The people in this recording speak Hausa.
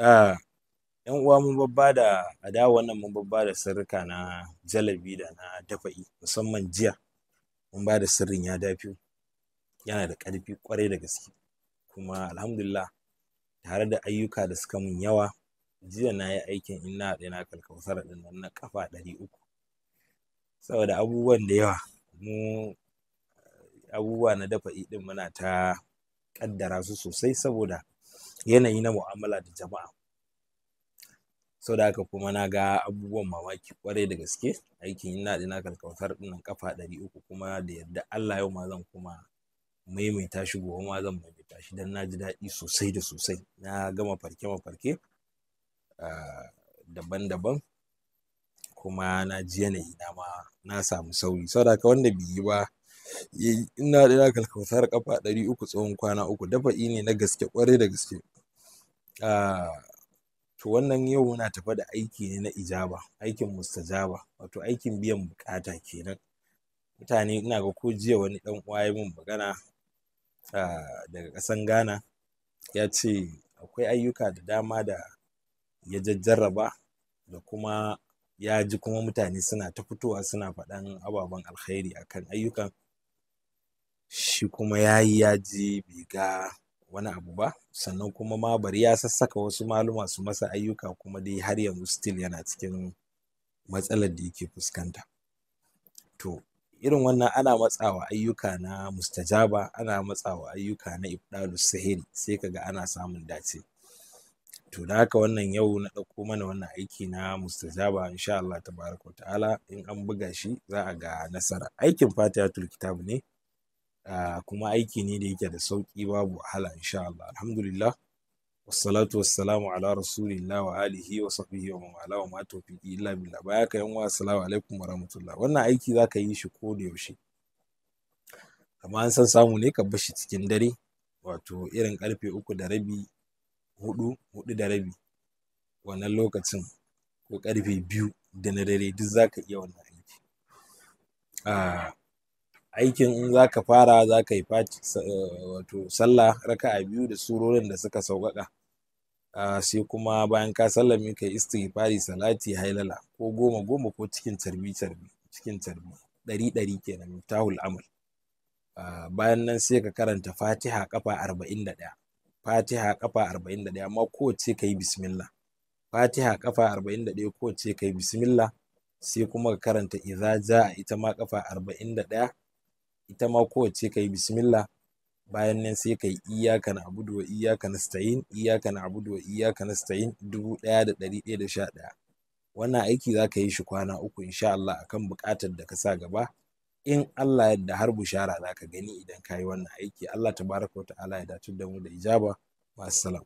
Ah, yan uwa mun babbada a da wannan mun babbada sirrika na jalabi da na dafa'i musamman jiya mun ba da sirrin ya dafi yana da ƙarfi ƙwarai da gaske kuma alhamdulillah tare da ayyuka da suka mun yawa jiya na yi aikin in na na kalkausar ɗin na ƙafa ɗari uku saboda abubuwan da yawa mu abubuwa na dafa'i ɗin muna ta ƙaddara su sosai saboda yanayi na mu'amala da jama'a sau da haka kuma na ga abubuwan mamaki kwarai da gaske aikin ina da na kalkautar ɗinnan kafa ɗari uku kuma da yadda Allah yau ma zan kuma maimaita shi gobe ma zan maimaita shi don na ji daɗi sosai da sosai na gama farke mafarke ah, daban-daban kuma na ji yanayi na ma na samu sauri sau da haka wanda bai yi ba Ina da kal kafa ɗari uku tsawon kwana uku dafa'i ne na gaske kwarai da gaske ah, to wannan yau muna tafa da aiki ne na ijaba aikin mustajaba wato aikin biyan bukata kenan mutane ina ga ko jiya wani dan uwa ya mun magana ah, daga ƙasan Ghana ya ce akwai ayyuka da dama da ya jajjarraba da kuma ya ji kuma mutane suna ta fitowa suna faɗan ababen alkhairi akan ayyukan shi kuma ya yi ya ji bai ga wani abu ba sannan kuma ma bari ya sassaka wasu maluma su masa ayyuka kuma dai har yanzu still yana cikin matsalar da yake fuskanta to irin wannan ana matsawa ayyuka na mustajaba ana matsawa ayyuka na ibdalu sahiri sai kaga ana samun dace to da haka wannan yau na ɗauko mana wannan aiki na mustajaba insha Allah tabaraka ta'ala in an buga shi za a ga nasara aikin fatihatul kitab ne Ah, kuma aiki ne da yake da sauƙi babu wahala insha Allah alhamdulillah wassalatu wassalamu ala rasulillah wa alihi wa sahbihi wa mawala wa ma tawfiqi illa billah baya ka yan wa assalamu alaikum wa rahmatullah wannan aiki zaka yi shi ko da yaushe amma an san samu ne ka bashi cikin dare wato irin karfe uku da rabi hudu hudu da rabi wannan lokacin ko karfe biyu da na dare duk zaka iya wannan aiki ah, aikin in za ka fara za ka yi fati eh, wato sallah a biyu da surorin da suka sauƙaƙa ah, sai kuma bayan ka sallame ka yi istighfari salati hailala ko goma goma ko cikin tarbi tarbi cikin tarbi ɗari ɗari kenan mutahul amal ah, bayan nan sai ka karanta fatiha kafa arba'in da ɗaya fatiha kafa arba'in da ɗaya amma kowace ka yi bismillah fatiha kafa arba'in da ɗaya kowace ka yi bismillah sai kuma ka karanta idza a ita ma kafa arba'in da ɗaya ita ma kowace ka yi bismillah bayan nan sai ka yi iyaka na abudu wa iyaka na stayin iyaka na abudu wa iyaka na stayin dubu ɗaya da ɗari ɗaya da sha ɗaya wannan aiki za ka yi shi kwana uku insha Allah akan buƙatar da ka sa gaba in Allah yadda har bushara za ka gani idan ka yi wannan aiki Allah tabaraka wa ta'ala ya dace da mu da ijaba ma